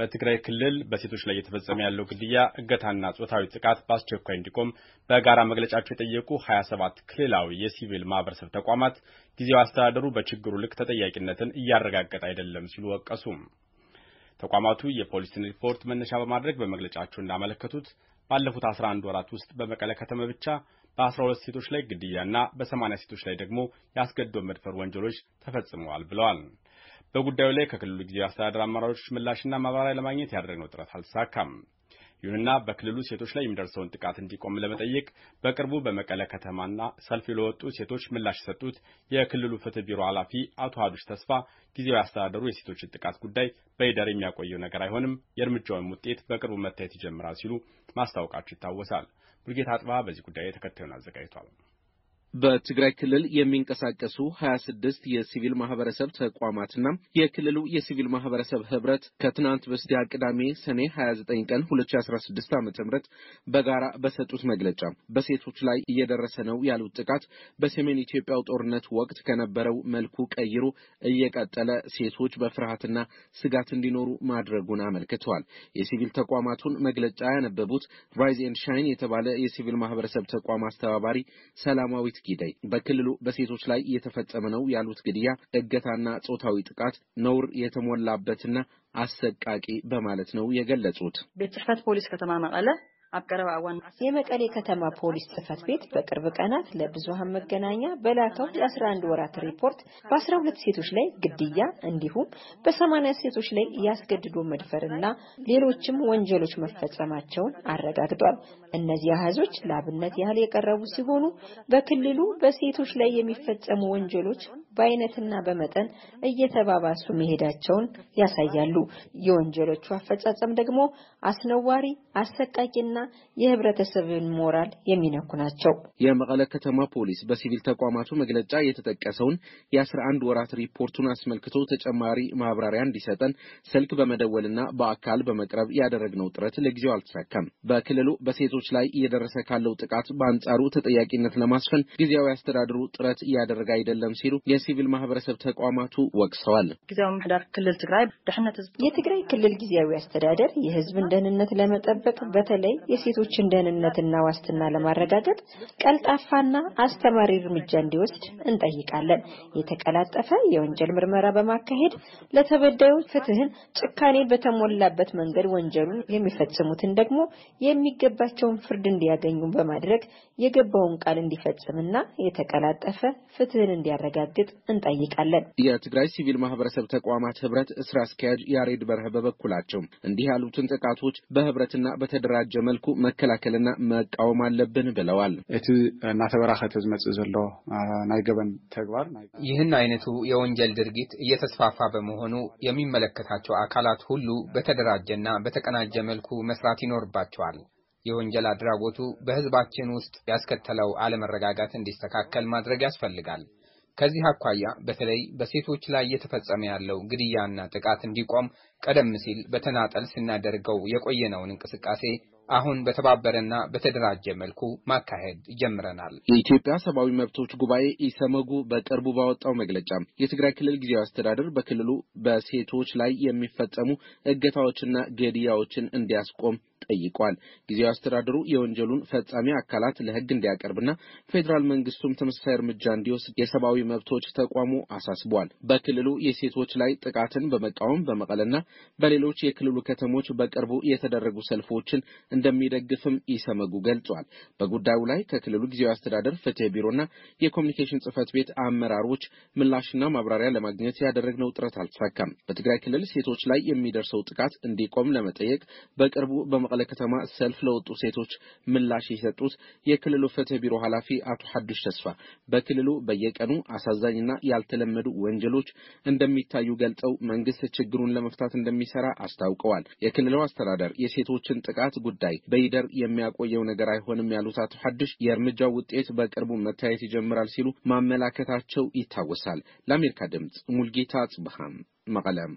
በትግራይ ክልል በሴቶች ላይ እየተፈጸመ ያለው ግድያ፣ እገታና ጾታዊ ጥቃት በአስቸኳይ እንዲቆም በጋራ መግለጫቸው የጠየቁ 27 ክልላዊ የሲቪል ማህበረሰብ ተቋማት ጊዜያዊ አስተዳደሩ በችግሩ ልክ ተጠያቂነትን እያረጋገጠ አይደለም ሲሉ ወቀሱ። ተቋማቱ የፖሊስን ሪፖርት መነሻ በማድረግ በመግለጫቸው እንዳመለከቱት ባለፉት 11 ወራት ውስጥ በመቀለ ከተማ ብቻ በ12 ሴቶች ላይ ግድያና በ80 ሴቶች ላይ ደግሞ የአስገድዶ መድፈር ወንጀሎች ተፈጽመዋል ብለዋል። በጉዳዩ ላይ ከክልሉ ጊዜያዊ አስተዳደር አመራሮች ምላሽና ማብራሪያ ለማግኘት ያደረግነው ጥረት አልተሳካም። ይሁንና በክልሉ ሴቶች ላይ የሚደርሰውን ጥቃት እንዲቆም ለመጠየቅ በቅርቡ በመቀለ ከተማና ሰልፍ ለወጡ ሴቶች ምላሽ የሰጡት የክልሉ ፍትህ ቢሮ ኃላፊ አቶ ሀዱሽ ተስፋ ጊዜያዊ አስተዳደሩ የሴቶችን ጥቃት ጉዳይ በይደር የሚያቆየው ነገር አይሆንም፣ የእርምጃውን ውጤት በቅርቡ መታየት ይጀምራል ሲሉ ማስታወቃቸው ይታወሳል። ብርጌታ አጥባ በዚህ ጉዳይ ተከታዩን አዘጋጅቷል። በትግራይ ክልል የሚንቀሳቀሱ 26 የሲቪል ማህበረሰብ ተቋማትና የክልሉ የሲቪል ማህበረሰብ ህብረት ከትናንት በስቲያ ቅዳሜ ሰኔ 29 ቀን 2016 ዓ ም በጋራ በሰጡት መግለጫ በሴቶች ላይ እየደረሰ ነው ያሉት ጥቃት በሰሜን ኢትዮጵያው ጦርነት ወቅት ከነበረው መልኩ ቀይሮ እየቀጠለ ሴቶች በፍርሃትና ስጋት እንዲኖሩ ማድረጉን አመልክተዋል። የሲቪል ተቋማቱን መግለጫ ያነበቡት ራይዝ ኤንድ ሻይን የተባለ የሲቪል ማህበረሰብ ተቋም አስተባባሪ ሰላማዊት ጊደይ በክልሉ በሴቶች ላይ እየተፈጸመ ነው ያሉት ግድያ፣ እገታና ጾታዊ ጥቃት ነውር የተሞላበትና አሰቃቂ በማለት ነው የገለጹት። ቤት ጽሕፈት ፖሊስ ከተማ መቀለ የመቀሌ ከተማ ፖሊስ ጽህፈት ቤት በቅርብ ቀናት ለብዙሃን መገናኛ በላከው የ11 ወራት ሪፖርት በ12 ሴቶች ላይ ግድያ እንዲሁም በ80 ሴቶች ላይ ያስገድዶ መድፈርና ሌሎችም ወንጀሎች መፈጸማቸውን አረጋግጧል። እነዚህ አህዞች ለአብነት ያህል የቀረቡ ሲሆኑ በክልሉ በሴቶች ላይ የሚፈጸሙ ወንጀሎች በአይነትና በመጠን እየተባባሱ መሄዳቸውን ያሳያሉ። የወንጀሎቹ አፈጻጸም ደግሞ አስነዋሪ፣ አሰቃቂና የህብረተሰብን ሞራል የሚነኩ ናቸው። የመቀለ ከተማ ፖሊስ በሲቪል ተቋማቱ መግለጫ የተጠቀሰውን የ11 ወራት ሪፖርቱን አስመልክቶ ተጨማሪ ማብራሪያ እንዲሰጠን ስልክ በመደወልና በአካል በመቅረብ ያደረግነው ጥረት ለጊዜው አልተሳካም። በክልሉ በሴቶች ላይ እየደረሰ ካለው ጥቃት በአንጻሩ ተጠያቂነት ለማስፈን ጊዜያዊ አስተዳደሩ ጥረት እያደረገ አይደለም ሲሉ የሲቪል ማህበረሰብ ተቋማቱ ወቅሰዋል። ጊዜያዊ ምህዳር ክልል ትግራይ ድሕነት ህዝብ የትግራይ ክልል ጊዜያዊ አስተዳደር የህዝብን ደህንነት ለመጠበቅ በተለይ የሴቶችን ደህንነትና ዋስትና ለማረጋገጥ ቀልጣፋና አስተማሪ እርምጃ እንዲወስድ እንጠይቃለን። የተቀላጠፈ የወንጀል ምርመራ በማካሄድ ለተበዳዩ ፍትህን ጭካኔ በተሞላበት መንገድ ወንጀሉን የሚፈጽሙትን ደግሞ የሚገባቸውን ፍርድ እንዲያገኙ በማድረግ የገባውን ቃል እንዲፈጽምና የተቀላጠፈ ፍትህን እንዲያረጋግጥ እንጠይቃለን። የትግራይ ሲቪል ማህበረሰብ ተቋማት ህብረት ስራ አስኪያጅ ያሬድ በርህ በበኩላቸው እንዲህ ያሉትን ጥቃቶች በህብረትና በተደራጀ መልኩ መከላከልና መቃወም አለብን ብለዋል። እቲ እናተበራኸተ ዝመጽእ ዘሎ ናይ ገበን ተግባር ይህን አይነቱ የወንጀል ድርጊት እየተስፋፋ በመሆኑ የሚመለከታቸው አካላት ሁሉ በተደራጀና በተቀናጀ መልኩ መስራት ይኖርባቸዋል። የወንጀል አድራጎቱ በህዝባችን ውስጥ ያስከተለው አለመረጋጋት እንዲስተካከል ማድረግ ያስፈልጋል። ከዚህ አኳያ በተለይ በሴቶች ላይ እየተፈጸመ ያለው ግድያና ጥቃት እንዲቆም ቀደም ሲል በተናጠል ስናደርገው የቆየነውን እንቅስቃሴ አሁን በተባበረና በተደራጀ መልኩ ማካሄድ ጀምረናል። የኢትዮጵያ ሰብአዊ መብቶች ጉባኤ ኢሰመጉ በቅርቡ ባወጣው መግለጫ የትግራይ ክልል ጊዜያዊ አስተዳደር በክልሉ በሴቶች ላይ የሚፈጸሙ እገታዎችና ገድያዎችን እንዲያስቆም ጠይቋል። ጊዜያዊ አስተዳደሩ የወንጀሉን ፈጻሚ አካላት ለሕግ እንዲያቀርብና ፌዴራል መንግስቱም ተመሳሳይ እርምጃ እንዲወስድ የሰብአዊ መብቶች ተቋሙ አሳስቧል። በክልሉ የሴቶች ላይ ጥቃትን በመቃወም በመቀለና በሌሎች የክልሉ ከተሞች በቅርቡ የተደረጉ ሰልፎችን እንደሚደግፍም ኢሰመጉ ገልጿል። በጉዳዩ ላይ ከክልሉ ጊዜያዊ አስተዳደር ፍትህ ቢሮና የኮሚኒኬሽን ጽህፈት ቤት አመራሮች ምላሽና ማብራሪያ ለማግኘት ያደረግነው ጥረት አልተሳካም። በትግራይ ክልል ሴቶች ላይ የሚደርሰው ጥቃት እንዲቆም ለመጠየቅ በቅርቡ በመቀለ ከተማ ሰልፍ ለወጡ ሴቶች ምላሽ የሰጡት የክልሉ ፍትህ ቢሮ ኃላፊ አቶ ሐዱሽ ተስፋ በክልሉ በየቀኑ አሳዛኝና ያልተለመዱ ወንጀሎች እንደሚታዩ ገልጸው መንግስት ችግሩን ለመፍታት እንደሚሰራ አስታውቀዋል። የክልሉ አስተዳደር የሴቶችን ጥቃት ጉዳይ ላይ በይደር የሚያቆየው ነገር አይሆንም ያሉት አቶ ሐድሽ የእርምጃው ውጤት በቅርቡ መታየት ይጀምራል ሲሉ ማመላከታቸው ይታወሳል። ለአሜሪካ ድምፅ ሙልጌታ ጽብሃም መቀለም